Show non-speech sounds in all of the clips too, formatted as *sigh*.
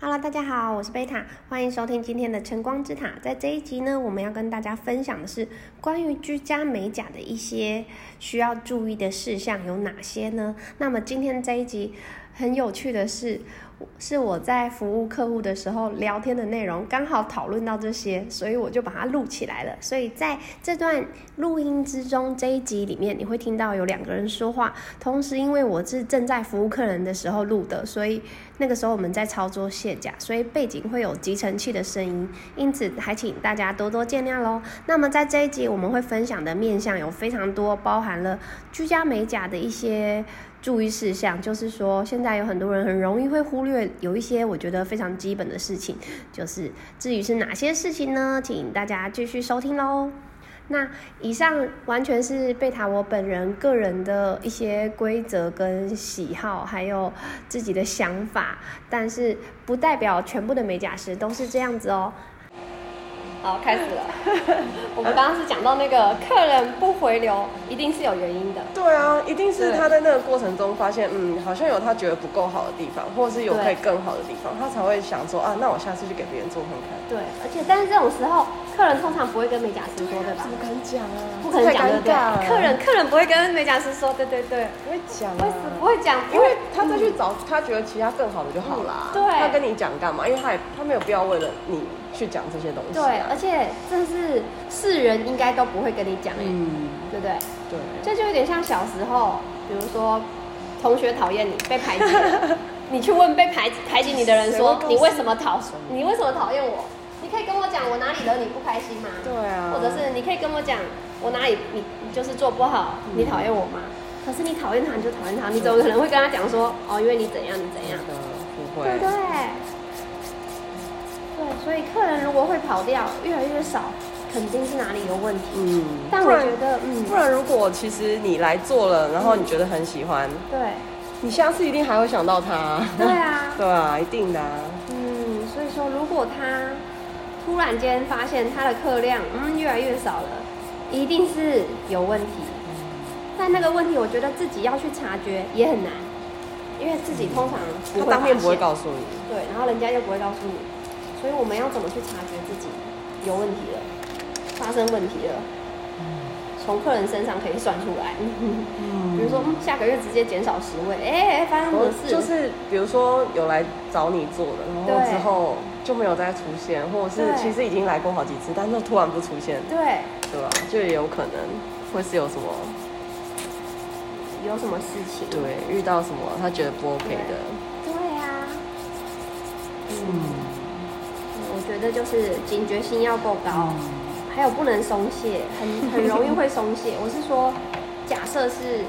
Hello，大家好，我是貝塔，歡迎收聽今天的晨光之塔。在這一集呢，我們要跟大家分享的是關於居家美甲的一些需要注意的事項有哪些呢？那麼今天這一集。很有趣的是，是我在服務客戶的時候聊天的內容剛好討論到這些，所以我就把它錄起來了。所以在這段錄音之中，這一集裡面你會聽到有兩個人說話。同時，因為我是正在服務客人的時候錄的，所以那個時候我們在操作卸甲，所以背景會有集塵器的聲音，因此還請大家多多見諒嘍。那麼在這一集我們會分享的面向有非常多，包含了居家美甲的一些，注意事項就是說，現在有很多人很容易會忽略有一些我覺得非常基本的事情。就是至於是哪些事情呢？請大家繼續收聽嘍。那以上完全是貝塔我本人個人的一些規則跟喜好，還有自己的想法，但是不代表全部的美甲師都是這樣子哦。好，開始了。我們剛剛是講到那個客人不回流，一定是有原因的。對啊，一定是他在那個過程中發現，嗯，好像有他覺得不夠好的地方，或者是有可以更好的地方，他才會想說啊，那我下次去給別人做看看。對，而且但是這種時候，客人通常不會跟美甲師說的吧？不敢講啊，太尷尬。客人客人不會跟美甲師說，對對對，不會講。為什麼不會講？因為他再去找他覺得其他更好的就好了。對。他跟你講幹嘛？因為他也他沒有必要為了你。去講這些東西，對，而且這是世人應該都不會跟你講哎，對不對？對，這就有點像小時候，比如說同學討厭你，被排擠，你去問被排排擠你的人說，你為什麼討你為什麼討厭我？你可以跟我講，我哪裡惹你不開心嗎？對啊，或者是你可以跟我講，我哪裡你就是做不好，你討厭我嗎？可是你討厭他，你就討厭他，你怎麼可能會跟他講說，哦，因為你怎樣你怎樣，不會，對不對？所以客人如果會跑掉越來越少，肯定是哪裡有問題。嗯，但我覺得，不然，嗯、不然如果其實你來做了，然後你覺得很喜歡，嗯、對，你下次一定還會想到他，啊。對啊， *laughs* 對啊，一定的，啊。嗯，所以說如果他突然間發現他的客量，嗯，越來越少了，一定是有問題。嗯、但那個問題我覺得自己要去察覺也很難，因為自己通常他當面不會告訴你，對，然後人家又不會告訴你。所以我們要怎麼去察覺自己有問題了，發生問題了？從客人身上可以算出來。嗯、比如說下個月直接減少十位，哎、欸，發生什麼事？就是比如說有來找你做的，然後之後就沒有再出現，對或者是其實已經來過好幾次，但是突然不出現，對，對吧、啊？就也有可能會是有什麼有什麼事情，對，對遇到什麼他覺得不 OK 的，對呀、啊，嗯。嗯覺得就是警覺心要夠高，嗯、還有不能鬆懈，很很容易會鬆懈。我是說，假設是，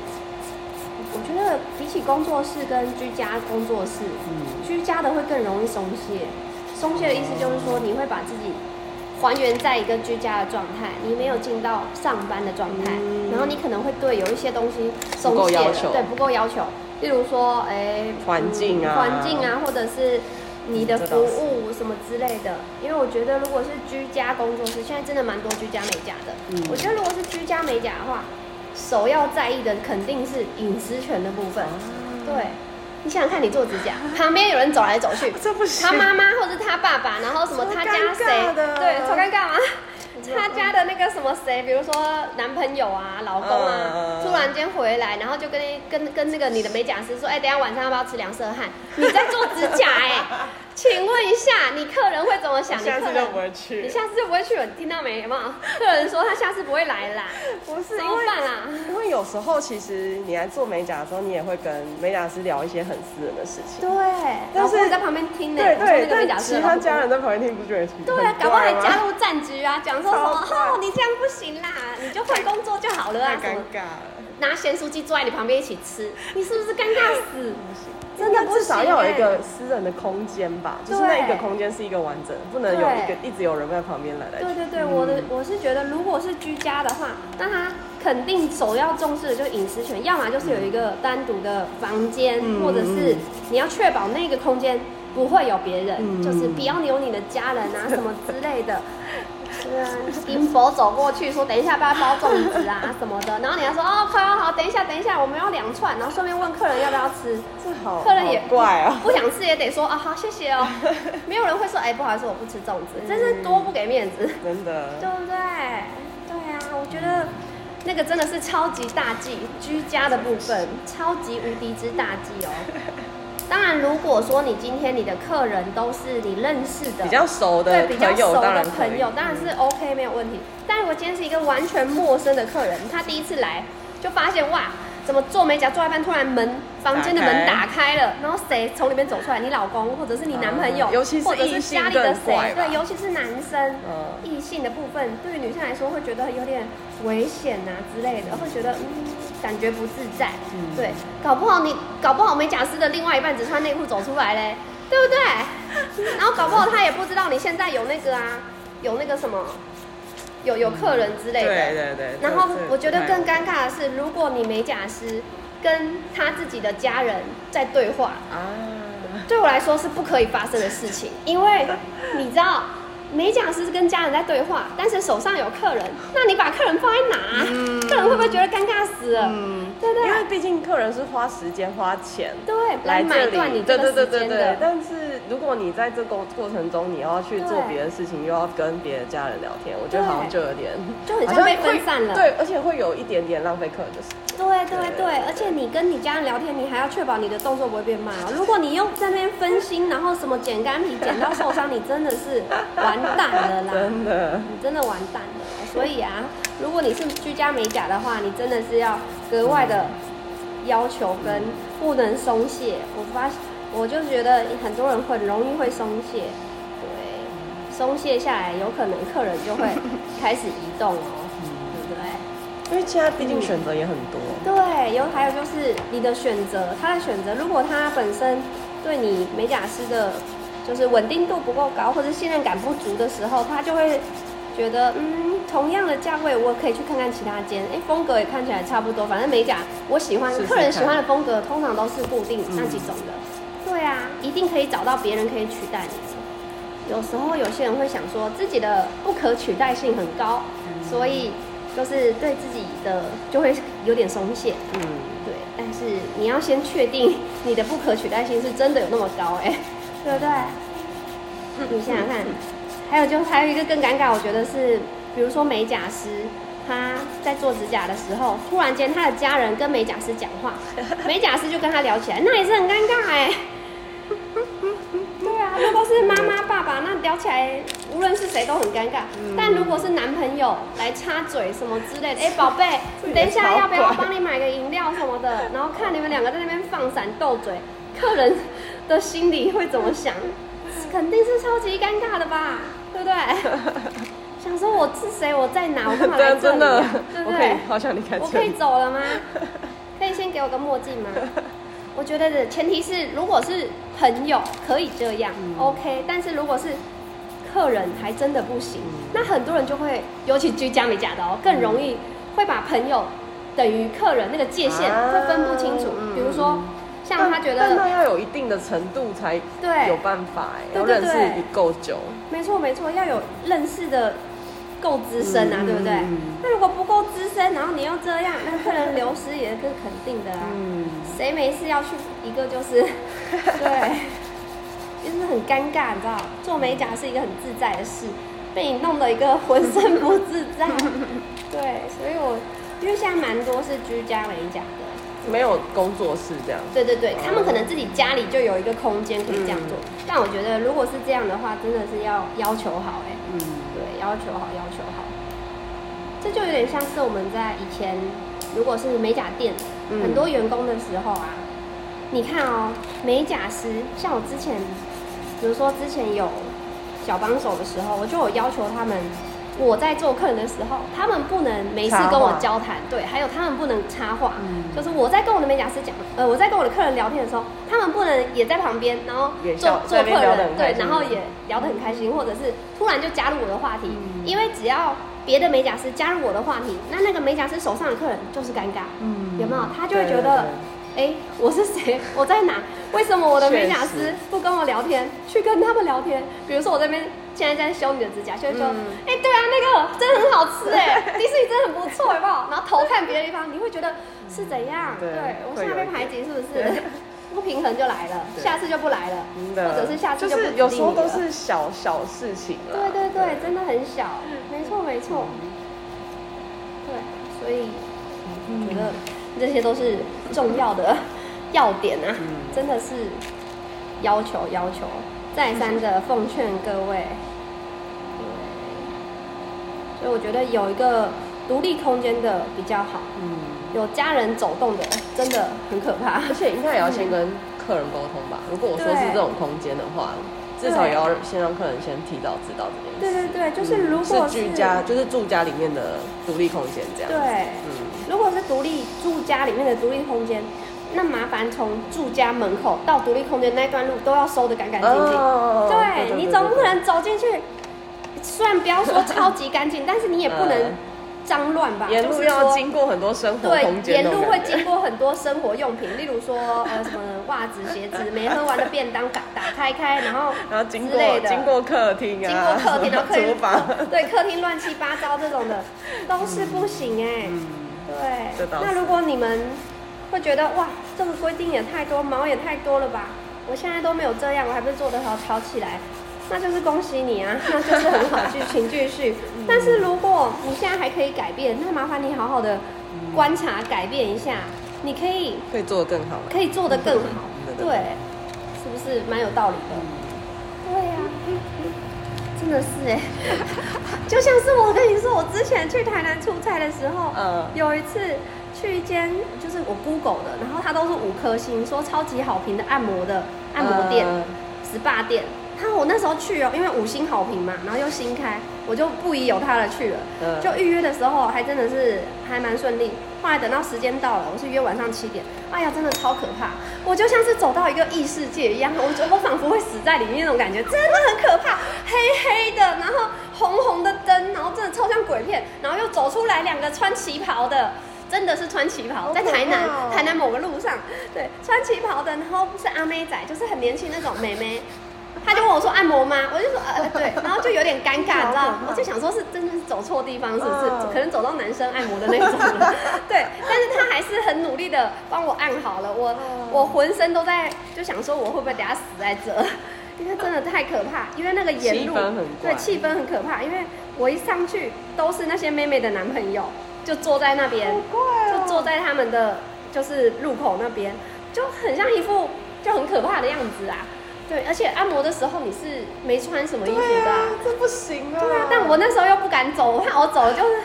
我覺得比起工作室跟居家工作室，嗯、居家的會更容易鬆懈。鬆懈的意思就是說，哦、你會把自己還原在一個居家的狀態，你沒有進到上班的狀態，嗯、然後你可能會對有一些東西鬆懈了，對，不夠要求，例如說，哎、欸，環境啊，嗯、環境啊，或者是。你的服務什麼之類的，因為我覺得如果是居家工作室，現在真的蠻多居家美甲的。嗯，我覺得如果是居家美甲的話，首要在意的肯定是隱私權的部分。對，你想想看，你做指甲，旁邊有人走來走去，這不他媽媽或者他爸爸，然後什麼他家誰？對，好尷尬嘛。他家的那個什麼誰，比如說男朋友啊、老公啊，突然間回來，然後就跟跟跟那個你的美甲師說：“哎、欸，等一下晚上要不要吃涼色汗，你在做指甲哎、欸。” *laughs* 請問一下，你客人會怎麼想？你下次就不會去你。你下次就不會去了，聽到沒？有沒有？客人說他下次不會來啦。 *laughs* 不是飯、啊、因為，因為有時候其實你來做美甲的時候，你也會跟美甲師聊一些很私人的事情。對，但是你在旁邊聽的，對，但是其他家人在旁邊聽不覺得也很奇怪嗎？對啊，搞不好還加入戰局啊！講說說，怕哦，你這樣不行啦，你就換工作就好了啊。對麼太尷尬了。拿鹹酥雞坐在你旁邊一起吃，你是不是尷尬死？欸、是真的不、欸、至少要有一個私人的空間吧，對就是那一個空間是一個完整，不能有一個對一直有人在旁邊來來去對對對，嗯、我的我是覺得，如果是居家的話，那他肯定首要重視的就是隱私權，要麼就是有一個單獨的房間，嗯、或者是你要確保那個空間不會有別人，嗯、就是不要有你的家人啊的什麼之類的。就、嗯、是跟佛走過去說，等一下幫他包粽子啊什麼的，然後人家說哦，快好，好，等一下，等一下，我們要兩串，然後順便問客人要不要吃，這好客人也怪啊、喔，不想吃也得說啊，好，謝謝哦、喔，沒有人會說，哎、欸，不好意思，我不吃粽子，真、嗯、是多不給面子，真的，對不對？對啊，我覺得那個真的是超級大忌，居家的部分，超級無敵之大忌哦、喔。當然，如果說你今天你的客人都是你認識的、比較熟的、對，比較熟的朋友，當然是 OK 沒有問題。但如果今天是一個完全陌生的客人，他第一次來就發現哇，怎麼做美甲、做一半，突然門房間的門打開了，然後誰從裡面走出來？你老公或者是你男朋友，嗯、尤其是，是家裡的誰，對，尤其是男生，嗯、異性的部分對於女生來說會覺得有點危險啊之類的，會覺得嗯。感覺不自在，嗯、對，搞不好你搞不好美甲師的另外一半只穿內褲走出來嘞！ *laughs* 對不對？然後搞不好他也不知道你現在有那個啊，有那個什麼，有有客人之類的。嗯、對，對對對。然後對對對對，我覺得更尷尬的是，對對對，如果你美甲師跟他自己的家人在對話，啊、對我來說是不可以發生的事情， *laughs* 因為你知道。美甲師是跟家人在對話，但是手上有客人，那你把客人放在哪？嗯、客人會不會覺得尷尬死？嗯，對對。因為畢竟客人是花時間花錢，對，來買斷你的時間的。對對對對對。但是如果你在這過過程中你要去做別的事情，對又要跟別的家人聊天，我覺得好像就有點，就很像被分散了。對，而且會有一點點浪費客人的事。的對對對，對而且你跟你家人聊天，你還要確保你的動作不會變慢哦。如果你又在那邊分心，然後什麼剪乾皮剪到受傷，你真的是完蛋了啦！真的，你真的完蛋了。所以啊，如果你是居家美甲的話，你真的是要格外的要求跟不能鬆懈。我發，我就覺得很多人很容易會鬆懈，對，鬆懈下來，有可能客人就會開始移動哦。因為其他畢竟選擇也很多、嗯，對，然後還有就是你的選擇，他的選擇，如果他本身對你美甲師的，就是穩定度不夠高，或者信任感不足的時候，他就會覺得，嗯，同樣的價位，我可以去看看其他間，哎、欸，風格也看起來差不多，反正美甲我喜歡，試試客人喜歡的風格，通常都是固定、嗯、那幾種的，對啊，一定可以找到別人可以取代你。有時候有些人會想說自己的不可取代性很高，嗯、所以。就是對自己的就會有點鬆懈，嗯，對。但是你要先確定你的不可取代性是真的有那麼高，欸，哎，對不對，啊。你想想看，還有就還有一個更尷尬，我覺得是，比如說美甲師他在做指甲的時候，突然間他的家人跟美甲師講話，美甲師就跟他聊起來，那也是很尷尬，欸，哎。 *laughs* 如果是媽媽、爸爸，那聊起來無論是誰都很尷尬。嗯、但如果是男朋友來插嘴什麼之類的，哎超，寶貝、欸，等一下要不要我幫你買個飲料什麼的？然後看你們兩個在那邊放閃鬥嘴，客人的心裡會怎麼想？肯定是超級尷尬的吧，對不對？ *laughs* 想說我是誰，我在哪？我幹嘛來這裡？啊、真的，真對不對？可以好想離開，我可以走了嗎？可以先給我個墨鏡嗎？我覺得的前提是，如果是朋友，可以這樣、嗯、，OK。但是如果是客人，還真的不行。嗯、那很多人就會，尤其居家美甲的哦、喔，更容易會把朋友等於客人那個界限，、啊、會分不清楚。嗯、比如說，像他覺得那要有一定的程度才有辦法哎，認識已夠久。沒錯沒錯，要有認識的。夠資深啊，嗯、對不對？那、嗯、如果不夠資深，然後你又這樣，那客人流失也是更肯定的啊。嗯，誰沒事要去一個就是，對， *laughs* 就是很尷尬，你知道？做美甲是一個很自在的事，被你弄得一個渾身不自在。 *laughs* 對，所以我因為現在蠻多是居家美甲的，對對對對沒有工作室這樣。對對對，他們可能自己家裡就有一個空間可以這樣做。嗯、但我覺得如果是這樣的話，真的是要要求好哎、欸。嗯。要求好，要求好，這就有點像是我們在以前，如果是美甲店，嗯，很多員工的時候啊，你看哦，美甲師，像我之前，比如說之前有小幫手的時候，我就有要求他們。我在做客人的時候，他們不能沒事跟我交談，插話，對，還有他們不能插話，嗯，就是我在跟我的美甲師講，呃，我在跟我的客人聊天的時候，他們不能也在旁邊，然後做 *laughs* 做客人，對，對，然後也聊得很開心，嗯，或者是突然就加入我的話題，嗯，因為只要別的美甲師加入我的話題，那那個美甲師手上的客人就是尷尬，嗯，有沒有？他就會覺得。對對對哎，我是誰？我在哪？為什麼我的美甲師不跟我聊天？去跟他們聊天。比如說，我這邊現在在修你的指甲，修一修，哎，對啊，那個真的很好吃，哎，迪士尼真的很不錯，好不好？然後頭看別的地方，你會覺得是怎樣？對，我現在被排擠，是不是？不平衡就來了，下次就不來了，或者是下次就是有時候都是小小事情，對對對，真的很小，沒錯沒錯，對，所以你覺得？這些都是重要的要點啊，真的是要求要求再三的奉勸各位，嗯，所以我覺得有一個獨立空間的比較好，有家人走動的真的很可怕，而且應該也要先跟客人溝通吧。如果我說是這種空間的話，至少也要先讓客人先提早知道這件事。對對對，就是如果是居家，就是住家裡面的獨立空間這樣。對，如果是獨立住家裡面的獨立空間，那麻煩從住家門口到獨立空間那一段路都要收得乾乾淨淨。對，對對對對，你總不能走進去。雖然不要說超級乾淨，但是你也不能髒亂吧？Uh, 就是沿路要經過很多生活空間，對，沿路會經過很多生活用品，例如說呃什麼襪子、鞋子，沒喝完的便當打打開開，然後然後經過之類的，經過客廳、啊，經過客廳，然後客廳，對，客廳亂七八糟這種的都是不行哎、欸。嗯對，那如果你們會覺得哇，這個規定也太多，毛也太多了吧？我現在都沒有這樣，我還不是做得好，吵起來，那就是恭喜你啊，那就是很好，繼續繼續。但是如果你現在還可以改變，那麻煩你好好的觀察，嗯、改變一下，你可以可以，可以做得更好了，可以做得更好，對，是不是蠻有道理的？真的是哎、欸， *laughs* 就像是我跟你說，我之前去台南出差的時候，嗯，uh, 有一次去一間就是我 Google 的，然後它都是五顆星，說超級好評的按摩的按摩的店，uh, SPA 店，他我那時候去哦，因為五星好評嘛，然後又新開，我就不疑有他的去了，就預約的時候還真的是還蠻順利。話等到時間到了，我是約晚上七點。哎呀，真的超可怕！我就像是走到一個異世界一樣，我覺得我仿佛會死在裡面，那種感覺，真的很可怕。黑黑的，然後紅紅的燈，然後真的超像鬼片。然後又走出來兩個穿旗袍的，真的是穿旗袍，在台南、哦、台南某個路上，對，穿旗袍的，然後不是阿妹仔，就是很年輕那種美眉。他就問我說：“按摩嗎？”我就說：“呃呃，對。”然後就有點尷尬你知道嗎？我就想說是真的是走錯地方，是不是，、嗯、是？可能走到男生按摩的那種。對，但是他還是很努力的幫我按好了。我我渾身都在就想說我會不會等下死在這？因為真的太可怕，因為那個沿路，對，氣氛很可怕。因為我一上去都是那些妹妹的男朋友，就坐在那邊，喔、就坐在他們的就是路口那邊，就很像一副就很可怕的樣子啊。對，而且按摩的時候你是沒穿什麼衣服的，啊啊。這不行啊！對啊，但我那時候又不敢走，我怕我走了就是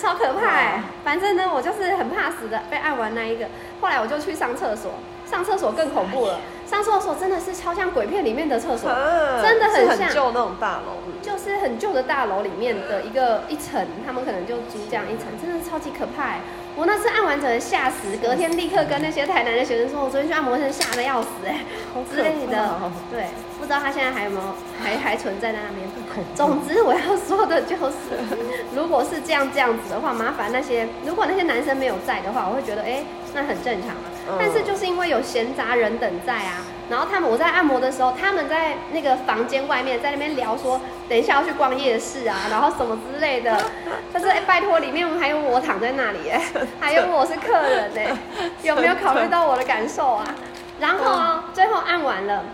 超可怕，欸。哇反正呢，我就是很怕死的。被按完那一個，後來我就去上廁所，上廁所更恐怖了。上廁所真的是超像鬼片裡面的廁所，啊、真的很像很舊那種大樓，就是很舊的大樓裡面的一個、啊、一層，他們可能就租這樣一層，真的超級可怕，欸。我那次按完整的嚇死，隔天立刻跟那些台南的學生說，我昨天去按摩，玩整嚇得要死哎、欸，好哦、之類的，對，不知道他現在還有沒有，還還存在在那邊。總之我要說的就是，如果是這樣這樣子的話，麻煩那些，如果那些男生沒有在的話，我會覺得哎、欸，那很正常啊。但是就是因為有閒雜人等在啊，然後他們我在按摩的時候，他們在那個房間外面在那邊聊說，等一下要去逛夜市啊，然後什麼之類的。但是哎、欸，拜託，裡面我們還有我躺在那裡哎、欸，還有我是客人哎、欸，有沒有考慮到我的感受啊？然後啊、喔，最後按完了，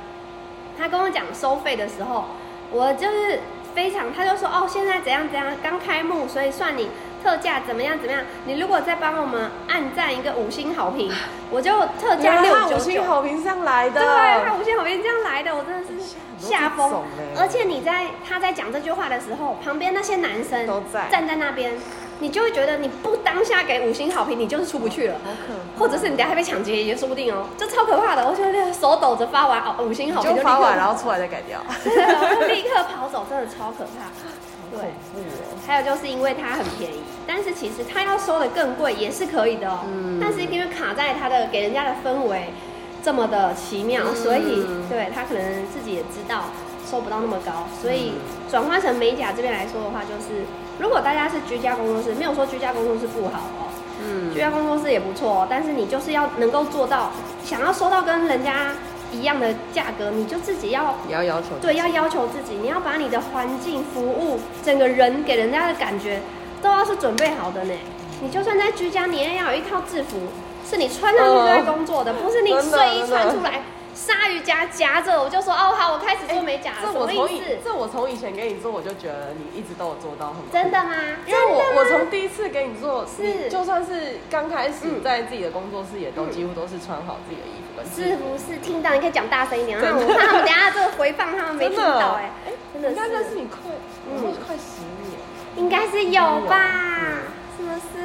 他跟我講收費的時候，我就是非常，他就說哦、喔，現在怎樣怎樣，剛開幕，所以算你。特價怎麼樣？怎麼樣？你如果再幫我們按讚一個五星好評，我就特價六九九。五星好評是這樣來的，對，他五星好評這樣來的，我真的是嚇瘋了。而且你在他在講這句話的時候，旁邊那些男生都在站在那邊，你就會覺得你不當下給五星好評，你就是出不去了。哦、好可怕！或者是你等下被搶劫也說不定哦，這超可怕的。我覺得手抖着發完哦，五星好評就,就發完，然後出來再改掉， *laughs* 對就立刻跑走，真的超可怕。對，還有就是因為它很便宜，但是其實它要收的更貴也是可以的哦。嗯，但是因為卡在它的給人家的氛圍這麼的奇妙，嗯，所以對，他可能自己也知道收不到那麼高，所以轉換成美甲這邊來說的話，就是如果大家是居家工作室，沒有說居家工作室不好哦，嗯，居家工作室也不錯哦，但是你就是要能夠做到想要收到跟人家一樣的價格，你就自己要，要要求，對，要要求自己，你要把你的環境、服務、整個人給人家的感覺，都要是準備好的呢。你就算在居家，你也要有一套制服，是你穿上去就在工作的，不、哦、是你睡衣穿出來。鯊魚夾夾着，我就說哦好，我開始做美甲，什麼意思？這我從以前給你做，我就覺得你一直都有做到很好。真的嗎？因為我我從第一次給你做，是就算是剛開始在自己的工作室，也都幾乎都是穿好自己的衣服。是不是？聽到？你可以講大聲一點，我怕等下這個回放他們沒聽到。哎哎，真的是，應該是你快，嗯，快十年，應該是有吧。是，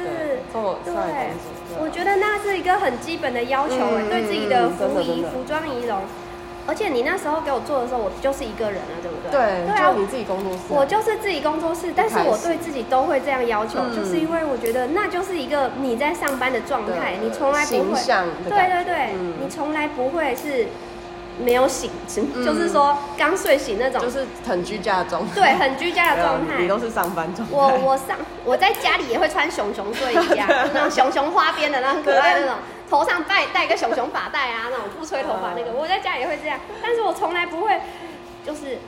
對，我覺得那是一個很基本的要求，對自己的服儀、服裝儀容。而且你那時候給我做的時候，我就是一個人了，對不對？對，對啊，你自己工作室。我就是自己工作室，但是我對自己都會這樣要求，就是因為我覺得那就是一個你在上班的狀態，你從來不會，對對對，你從來不會是。沒有醒，就是說剛睡醒那種，就是很居家的狀態，對，很居家的狀態。你都是上班狀態。我我上我在家裡也會穿熊熊睡衣這樣，那種熊熊花邊的那種可愛那種，頭上戴戴個熊熊髮帶啊，那種不吹頭髮那個，我在家裡會這樣，但是我從來不會就是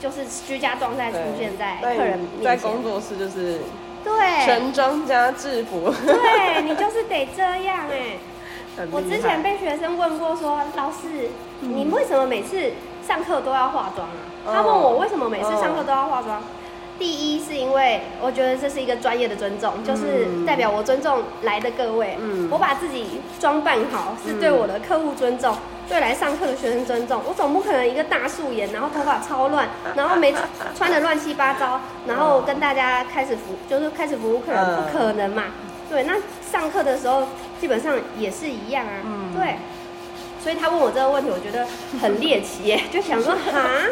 就是居家狀態出現在客人在工作室，就是對，全裝加制服，對，你就是得這樣哎。我之前被學生問過說，說老師，你為什麼每次上課都要化妝啊？嗯、他問我為什麼每次上課都要化妝？哦、第一是因為我覺得這是一個專業的尊重，嗯、就是代表我尊重來的各位。嗯，我把自己裝扮好是對我的客戶尊重，嗯、對來上課的學生尊重。我總不可能一個大素顏，然後頭髮超亂，然後沒穿得亂七八糟，然後跟大家開始服就是開始服務客人，不可能嘛？嗯、對，那上課的時候。基本上也是一樣啊，嗯、對，所以他問我這個問題，我覺得很獵奇耶， *laughs* 就想說啊，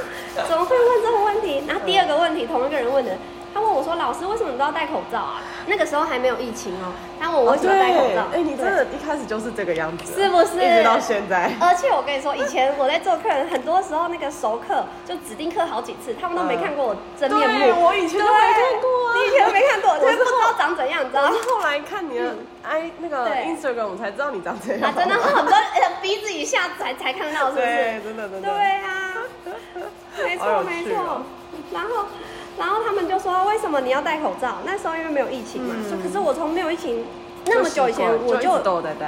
怎麼會問這種問題？ *laughs* 然後第二個問題，同一個人問的。他問我說：“老師，為什麼你都要戴口罩啊？”那個時候還沒有疫情哦。他問我：“為什麼戴口罩？”哎，你真的，一開始就是這個樣子，是不是？一直到現在。而且我跟你說，以前我在做客人，很多時候那個熟客就指定客好幾次，他們都沒看過我真面目。對，我以前都沒看過，你以前都沒看過，我是不知道長怎樣，你知道嗎？後來看你的那個 Instagram 我才知道你長怎樣。真的，很多鼻子以下才才看得到。對，真的，真的。對呀，沒錯沒錯，然後。然後他們就說：“為什麼你要戴口罩？那時候因為沒有疫情嘛。”可是我從沒有疫情那麼久以前，我就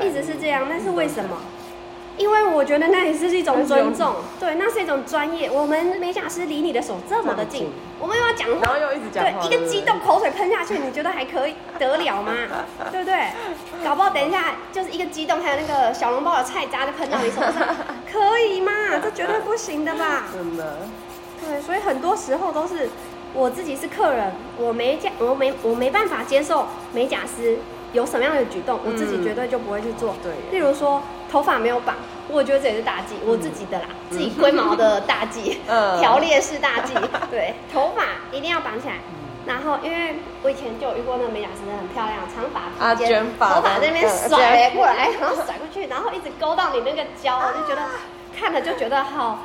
一直是這樣。那是為什麼？因為我覺得那也是一種尊重，對，那是一種專業。我們美甲師離你的手這麼的近，我們又要講話，對，一個激動口水噴下去，你覺得還可以得了嗎？對不對？搞不好等一下就是一個激動，還有那個小籠包的菜渣就噴到你手上，可以嗎？這絕對不行的吧？真的。對，所以很多時候都是。我自己是客人，我沒假，我沒我沒辦法接受美甲師有什麼樣的舉動，嗯、我自己絕對就不會去做。對耶，例如說頭髮沒有綁，我覺得這也是大忌，嗯、我自己的啦，嗯、自己龜毛的大忌，條 *laughs* 列式大忌。嗯、對，頭髮一定要綁起來。 *laughs* 然後因為我以前就有遇過那個美甲師，很漂亮，長髮啊捲髮，頭髮在那邊甩過來，然後甩過去，然後一直勾到你那個膠，我、啊、就覺得。看了就覺得好，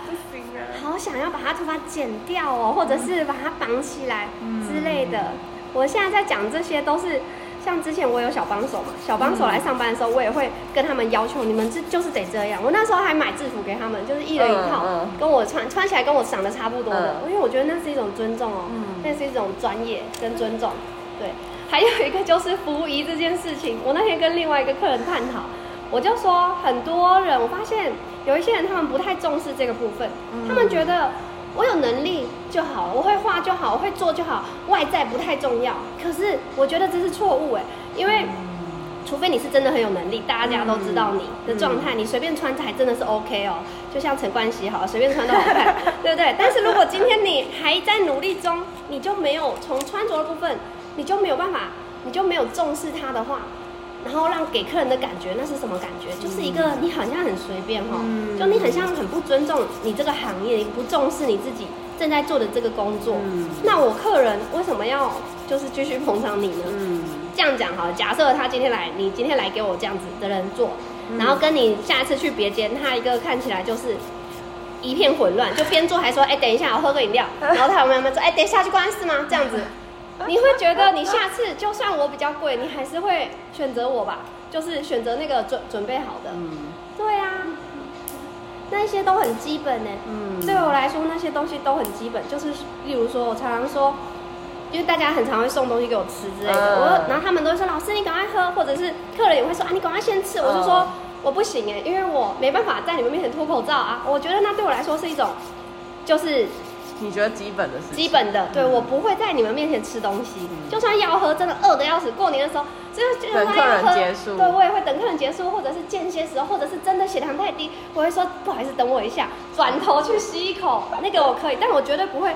好想要把他頭髮剪掉哦，或者是把它綁起來之類的。我現在在講這些，都是像之前我有小幫手嘛，小幫手來上班的時候，我也會跟他們要求，你們就就是得這樣。我那時候還買制服給他們，就是一人一套，跟我穿穿起來跟我長得差不多的，因為我覺得那是一種尊重哦，那是一種專業跟尊重。對，還有一個就是服務儀這件事情，我那天跟另外一個客人探討，我就說很多人我發現。有一些人，他們不太重視這個部分，嗯、他們覺得我有能力就好，我會畫就好，我會做就好，外在不太重要。可是我覺得這是錯誤誒，因為除非你是真的很有能力，大家都知道你的狀態，嗯、你隨便穿才真的是 OK 哦、喔。嗯、就像陳冠希，好，隨便穿都好看， *laughs* 對不對？但是如果今天你還在努力中，你就沒有從穿着的部分，你就沒有辦法，你就沒有重視它的話。然後讓給客人的感覺那是什麼感覺？就是一個、嗯、你好像很隨便哈、哦，嗯、就你很像很不尊重你這個行業，你不重視你自己正在做的這個工作。嗯、那我客人為什麼要就是繼續捧場你呢？嗯、這樣講哈，假設他今天來，你今天來給我這樣子的人做，嗯、然後跟你下一次去別間，他一個看起來就是一片混亂，就邊做還說，哎、 *laughs* 欸，等一下，我喝個飲料。然後他有沒有沒有做哎、欸，等一下去關事嗎？這樣子。你會覺得你下次就算我比較貴，你還是會選擇我吧？就是選擇那個準準備好的。嗯，對啊，那些都很基本呢、欸。嗯、對我來說那些東西都很基本，就是例如說我常常說，因為大家很常會送東西給我吃之類的，嗯、我然後他們都會說老師你趕快喝，或者是客人也會說啊你趕快先吃，我就說、嗯、我不行哎、欸，因為我沒辦法在你們面前脫口罩啊，我覺得那對我來說是一種就是。你覺得基本的是？基本的，對，我不會在你們面前吃東西，嗯、就算要喝，真的餓的要死，過年的時候，真的要，要喝，結束對，對，我也會等客人結束，對我也會等客人結束我也等客人結束或者是間歇時候，或者是真的血糖太低，我會說不好意思，等我一下，轉頭去吸一口那個我可以，但我絕對不會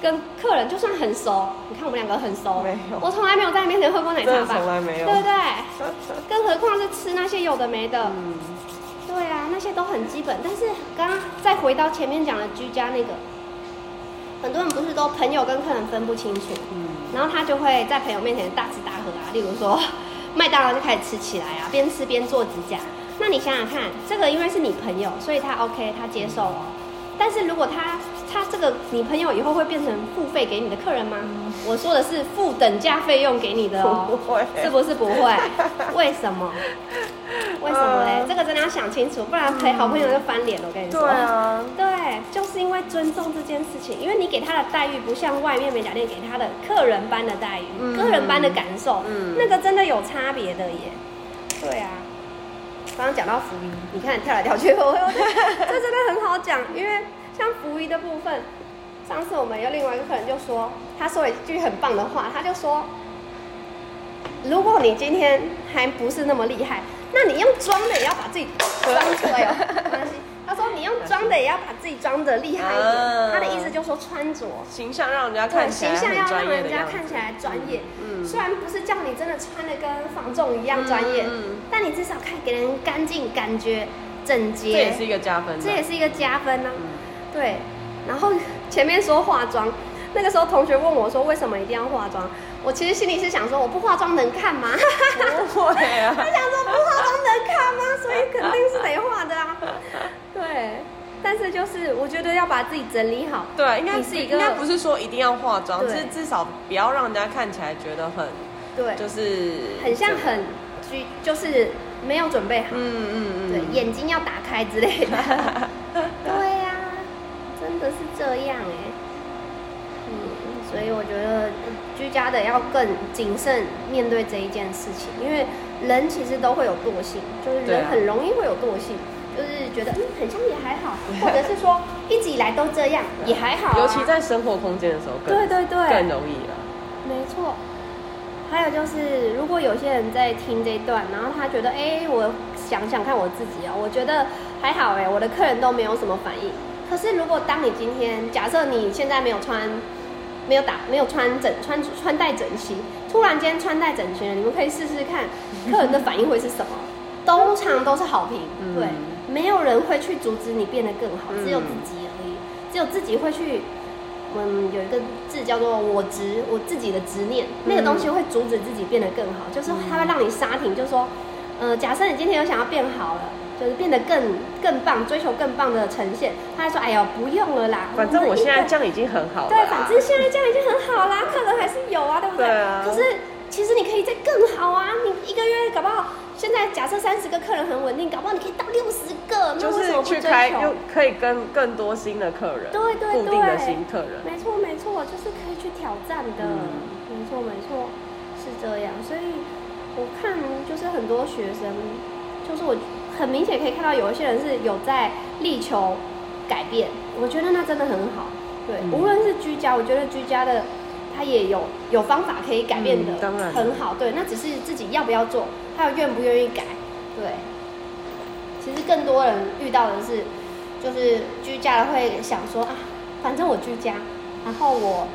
跟客人，就算很熟，你看我們兩個很熟，沒有，我從來沒有在你面前喝過奶茶吧，從來沒有，對不對？ *laughs* 更何況是吃那些有的沒的，嗯、對啊，那些都很基本，但是剛剛再回到前面講的居家那個。很多人不是都朋友跟客人分不清楚，嗯、然後他就會在朋友面前大吃大喝啊，例如說麥當勞就開始吃起來啊，邊吃邊做指甲。那你想想看，這個因為是你朋友，所以他 OK，他接受了。但是如果他他這個，你朋友以後會變成付費給你的客人嗎？我說的是付等價費用給你的哦，不會，是不是不會，為什麼？為什麼嘞？這個真的要想清楚，不然陪好朋友就翻臉了。我跟你說，對啊，對，就是因為尊重這件事情，因為你給他的待遇不像外面美甲店給他的客人般的待遇，客人般的感受，嗯，那個真的有差別的耶。對啊，剛剛講到福音，你看跳來跳去，這真的很好講，因為。像服儀的部分，上次我們有另外一個客人就說，他說了一句很棒的話，他就說，如果你今天還不是那麼厲害，那你用裝的也要把自己裝出來 *laughs* 哦。 *laughs* 他說你用裝的也要把自己裝的厲害一點。嗯、他的意思就是說穿着形象讓人家看起來專業。形象要讓人家看起來專業。嗯。雖然不是叫你真的穿的跟房仲一樣專業，嗯、但你至少可以給人乾淨感覺、整潔。這也是一個加分、啊。這也是一個加分呢、啊。嗯對，然後前面說化妝，那個時候同學問我說，為什麼一定要化妝？我其實心裡是想說，我不化妝能看嗎？不會啊， *laughs* 我想說不化妝能看嗎？所以肯定是得化的啊。對，但是就是我覺得要把自己整理好。對，應該是一個，應該不是說一定要化妝，對是至少不要讓人家看起來覺得很，對，就是對很像很，就是沒有準備好。嗯嗯，嗯嗯對，眼睛要打開之類的。 *laughs* 這樣哎、欸，嗯，所以我覺得居家的要更謹慎面對這一件事情，因為人其實都會有惰性，就是人很容易會有惰性，啊、就是覺得嗯、欸，很像也還好，或者是說一直以來都這樣、啊、也還好、啊，尤其在生活空間的時候更，對對對，更容易了、啊，沒錯。還有就是，如果有些人在聽這一段，然後他覺得哎、欸，我想想看我自己啊、喔，我覺得還好哎、欸，我的客人都沒有什麼反應。可是，如果當你今天，假設你現在沒有穿，沒有打，沒有穿整穿穿戴整齊，突然間穿戴整齊了，你們可以試試看，客人的反應會是什麼？ *laughs* 通常都是好評，對，沒有人會去阻止你變得更好，嗯、只有自己而已，只有自己會去。嗯，有一個字叫做我執，我自己的執念，那個東西會阻止自己變得更好，就是它會讓你剎停，嗯、就是說，嗯、呃，假設你今天有想要變好了。就是變得更更棒，追求更棒的呈現。他說：“哎呀，不用了啦，反正我現在這樣已經很好了啊。”對，反正現在這樣已經很好啦， *laughs* 客人還是有啊，對不對？對啊。可是其實你可以再更好啊！你一個月搞不好，現在假設三十個客人很穩定，搞不好你可以到六十個，那為什麼追求？就是去開，又可以跟更多新的客人，對對對，固定的新客人。沒錯沒錯，就是可以去挑戰的，嗯。沒錯沒錯，是這樣。所以我看就是很多學生，就是我。很明顯可以看到，有一些人是有在力求改變，我覺得那真的很好。對，嗯、無論是居家，我覺得居家的他也有有方法可以改變的，很好。嗯、對，那只是自己要不要做，他願不願意改。對，其實更多人遇到的是，就是居家的會想說啊，反正我居家，然後我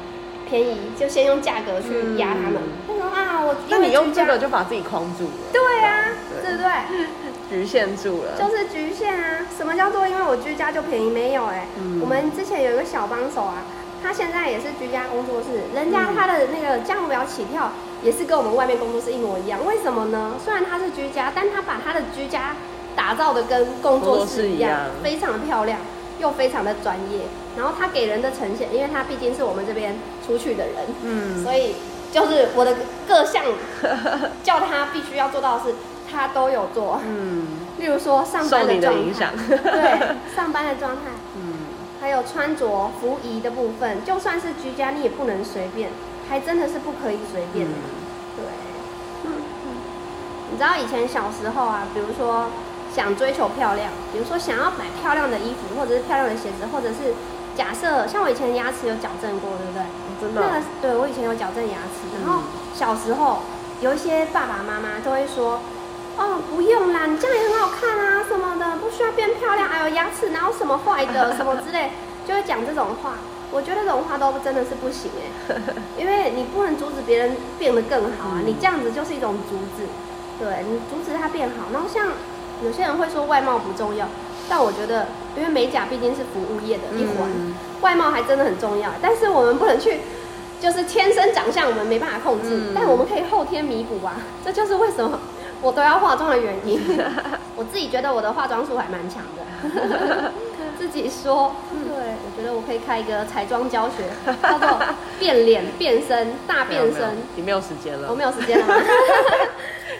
便宜，就先用價格去壓他們，嗯，就是說。啊，我那你用價格就把自己框住了。對啊，對啊，對，對不對？ *laughs* 侷限住了，就是侷限啊！什麼叫做因為我居家就便宜沒有哎、欸？嗯、我們之前有一個小幫手啊，他現在也是居家工作室，人家他的那個價目表起跳也是跟我們外面工作室一模一樣，為什麼呢？雖然他是居家，但他把他的居家打造的跟工作室一樣，一樣非常的漂亮，又非常的專業。然後他給人的呈現，因為他畢竟是我們這邊出去的人，嗯，所以就是我的各項叫他必須要做到的是。 *laughs* 他都有做，嗯，例如說上班的狀態，影響 *laughs* 對，上班的狀態，嗯，還有穿着、服儀的部分，就算是居家，你也不能隨便，還真的是不可以隨便的，嗯、對，嗯嗯。嗯，你知道以前小時候啊，比如說想追求漂亮，比如說想要買漂亮的衣服，或者是漂亮的鞋子，或者是假設像我以前的牙齒有矯正過，對不對？真的、那個，對，我以前有矯正牙齒。然後小時候有一些爸爸媽媽都會說。哦，不用啦，你這樣也很好看啊，什麼的不需要變漂亮。還有牙齒哪有什麼壞的，什麼之類，就會講這種話。我覺得這種話都真的是不行哎、欸，因為你不能阻止別人變得更好啊，你這樣子就是一種阻止，對，你阻止它變好。然後像有些人會說外貌不重要，但我覺得，因為美甲畢竟是服務業的一環，嗯、外貌還真的很重要、欸。但是我們不能去，就是天生長相我們沒辦法控制，嗯、但我們可以後天彌補啊，這就是為什麼。我都要化妝的原因， *laughs* 我自己覺得我的化妝術還蠻強的， *laughs* *laughs* 自己說，對我覺得我可以開一個彩妝教學，叫做變臉、變身、大變身。沒沒，你沒有時間了？我沒有時間了嗎？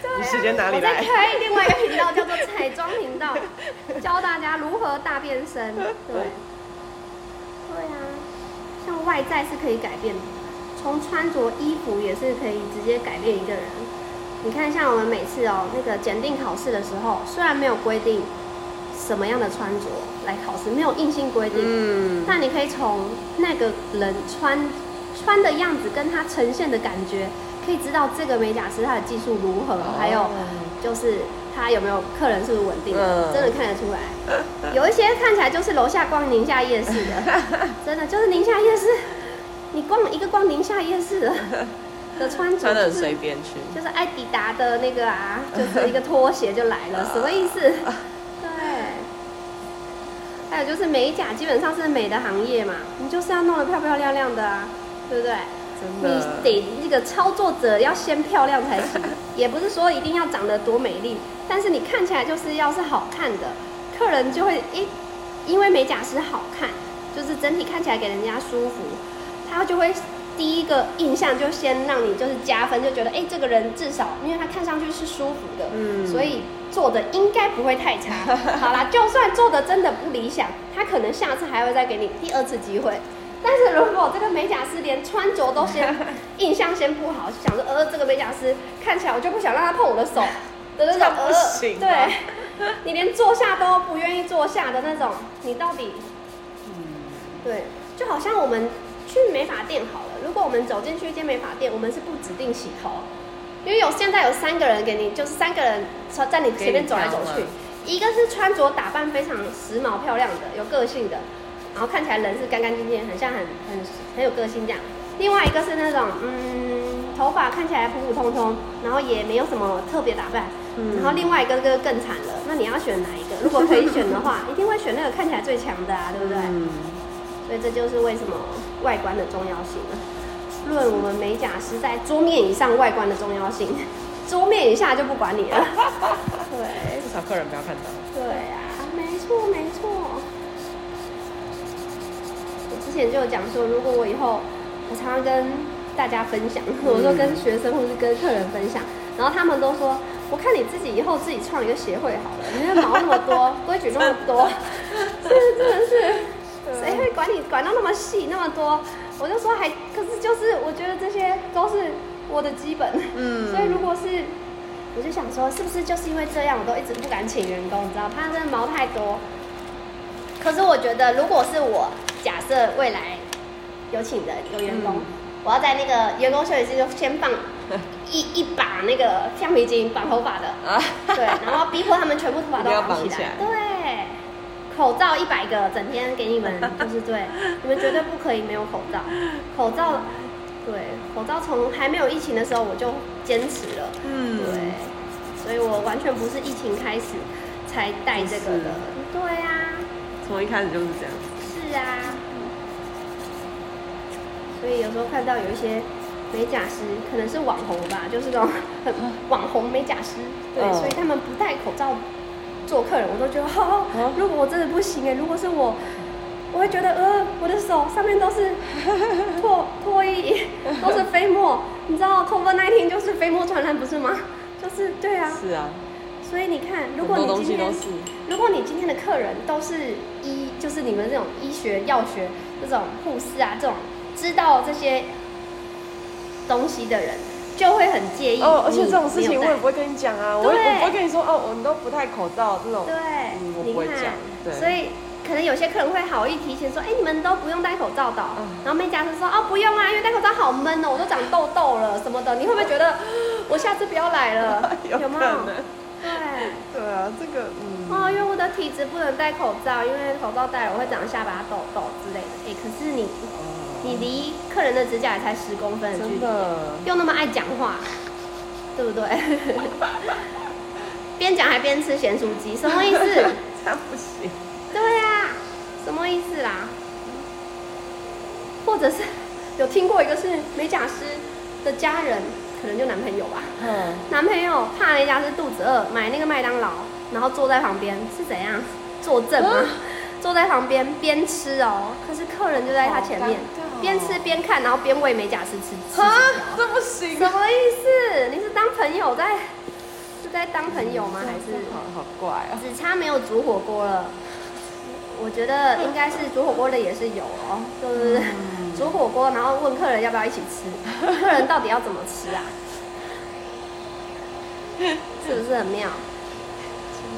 *laughs* 對啊，你時間哪裡來？我在開另外一個頻道，叫做彩妝頻道， *laughs* 教大家如何大變身。對，對啊，像外在是可以改變的，從穿着衣服也是可以直接改變一個人。你看一下我們每次哦、喔，那個檢定考試的時候，雖然沒有規定什麼樣的穿着來考試，沒有硬性規定，嗯、但你可以從那個人穿穿的樣子跟他呈現的感覺，可以知道這個美甲師他的技術如何，還有就是他有沒有客人是不是穩定的，嗯、真的看得出來。嗯、有一些看起來就是樓下逛寧夏夜市的，真的就是寧夏夜市，你逛一個逛寧夏夜市的。的穿的隨、就是、便去，就是愛迪達的那個啊，就是一個拖鞋就來了， *laughs* 什麼意思？ *laughs* 對。還有就是美甲，基本上是美的行業嘛，你就是要弄得漂漂亮亮的啊，對不對？真的。你得那個操作者要先漂亮才行。 *laughs* 也不是說一定要長得多美麗，但是你看起來就是要是好看的，客人就會，欸、因為美甲師好看，就是整體看起來給人家舒服，他就會。第一個印象，就先讓你就是加分，就覺得哎、欸，這個人至少因為他看上去是舒服的，嗯，所以做的應該不會太差。好啦，就算做的真的不理想，他可能下次還會再給你第二次機會。但是如果這個美甲師連穿着都先印象先不好，想着呃，這個美甲師看起來我就不想讓他碰我的手的那種，呃、啊，對，你連坐下都不願意坐下的那種，你到底，嗯，對，就好像我們去美髮店好了。如果我們走進去一間美髮店，我們是不指定洗頭，因為有現在有三個人給你，就是三個人在你前面走來走去，一個是穿着打扮非常時髦漂亮的，有個性的，然後看起來人是乾乾淨淨，很像很很很有個性這樣；另外一個是那種嗯頭髮看起來普普通通，然後也沒有什麼特別打扮，嗯、然後另外一個就更慘了，那你要選哪一個？如果可以選的話， *laughs* 一定會選那個看起來最強的啊，對不對？嗯所以這就是為什麼外觀的重要性了。論我們美甲師在桌面以上外觀的重要性，桌面以下就不管你了。對，至少客人不要看到。對啊，沒錯沒錯。我之前就有講說，如果我以後我常常跟大家分享，我、嗯、說跟學生或者是跟客人分享，然後他們都說，我看你自己以後自己創一個協會好了，你毛那麼多， *laughs* 規矩這麼多，這真的是。誰會管你管到那麼細那麼多？我就說還，可是就是我覺得這些都是我的基本。嗯。所以如果是，我就想說，是不是就是因為這樣，我都一直不敢請員工，你知道，怕真的毛太多。可是我覺得，如果是我假設未來有請人有員工，嗯、我要在那個員工休息室就先放一一把那個橡皮筋綁頭髮的。啊。對，然後逼迫他們全部頭髮都要綁起來。對。口罩一百個，整天給你們就是對， *laughs* 你們絕對不可以沒有口罩。口罩，對，口罩從還沒有疫情的時候我就堅持了，嗯，對，所以我完全不是疫情開始才戴這個的，是對啊，從一開始就是這樣。是啊、嗯，所以有時候看到有一些美甲師，可能是網紅吧，就是那種很網紅美甲師，對，哦、所以他們不戴口罩。做客人我都覺得好、哦，如果我真的不行哎，啊、如果是我，我會覺得呃，我的手上面都是唾唾液，都是飛沫， *laughs* 你知道，COVID-19 就是飛沫傳染不是嗎？就是對啊，是啊，所以你看，如果你今天，如果你今天的客人都是醫，就是你們這種醫學、藥學這種護士啊，這種知道這些東西的人。就會很介意哦，而且這種事情我也不會跟你講啊，對我我不會跟你說哦，我們都不戴口罩這種，對、嗯，我不會講，看對。所以可能有些客人會好意提前說，哎、欸，你們都不用戴口罩的，哦，唉然後美甲師說，哦，不用啊，因為戴口罩好悶哦，我都長痘痘了什麼的，你會不會覺得我下次不要來了？有，有沒有對，對啊，這個，嗯，哦，因為我的體質不能戴口罩，因為口罩戴了我會長下巴痘痘之類的，哎、欸，可是你。你離客人的指甲也才十公分的距離，又那麼愛講話，對不對？邊講 *laughs* 還邊吃鹹酥雞，什麼意思？ *laughs* 這樣不行。對啊，什麼意思啦？或者是有聽過一個是美甲師的家人，可能就男朋友吧。嗯。男朋友怕人家是肚子餓，買那個麥當勞，然後坐在旁邊是怎樣？坐正嗎？啊、坐在旁邊邊吃哦、喔，可是客人就在他前面。邊吃邊看，然後邊餵美甲師吃吃。吃蛤吃啊，這不行！什麼意思？你是當朋友在是在當朋友嗎？嗯、還是？好，好怪啊、喔！只差沒有煮火鍋了。我覺得應該是煮火鍋的也是有哦、喔，就是、嗯、煮火鍋，然後問客人要不要一起吃。客人到底要怎麼吃啊？ *laughs* 是不是很妙？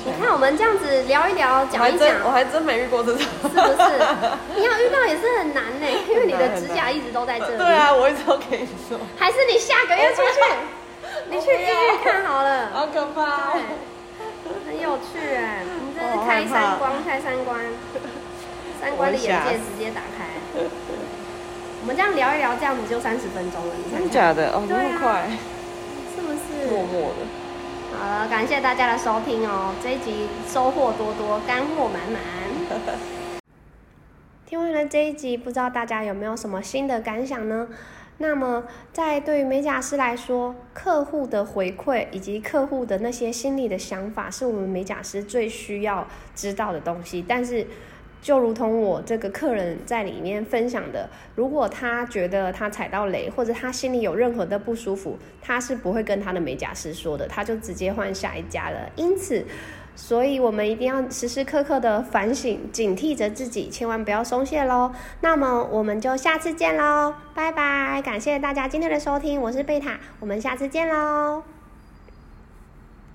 你看我們這樣子聊一聊，講一講，我還真沒遇過這種，是不是？你要遇到也是很難呢、欸，因為你的指甲一直都在這裡。很大很大對啊，我一直都給你說。還是你下個月出去，你去醫院看好了。好可怕！很有趣哎、欸，你真是開三觀，開三觀，三觀的眼界直接打開。我們這樣聊一聊，這樣子就三十分鐘了，看看真的假的？哦，啊、這麼快？是不是？默默的。好了，感謝大家的收聽哦！這一集收穫多多，乾貨滿滿。 *laughs* 聽完了這一集，不知道大家有沒有什麼新的感想呢？那麼，在對於美甲師來說，客戶的回饋以及客戶的那些心理的想法，是我們美甲師最需要知道的東西。但是，就如同我這個客人在裡面分享的，如果他覺得他踩到雷，或者他心裡有任何的不舒服，他是不會跟他的美甲師說的，他就直接換下一家了。因此，所以我們一定要時時刻刻的反省、警惕着自己，千萬不要鬆懈嘍。那麼，我們就下次見嘍，拜拜！感謝大家今天的收聽，我是貝塔，我們下次見嘍。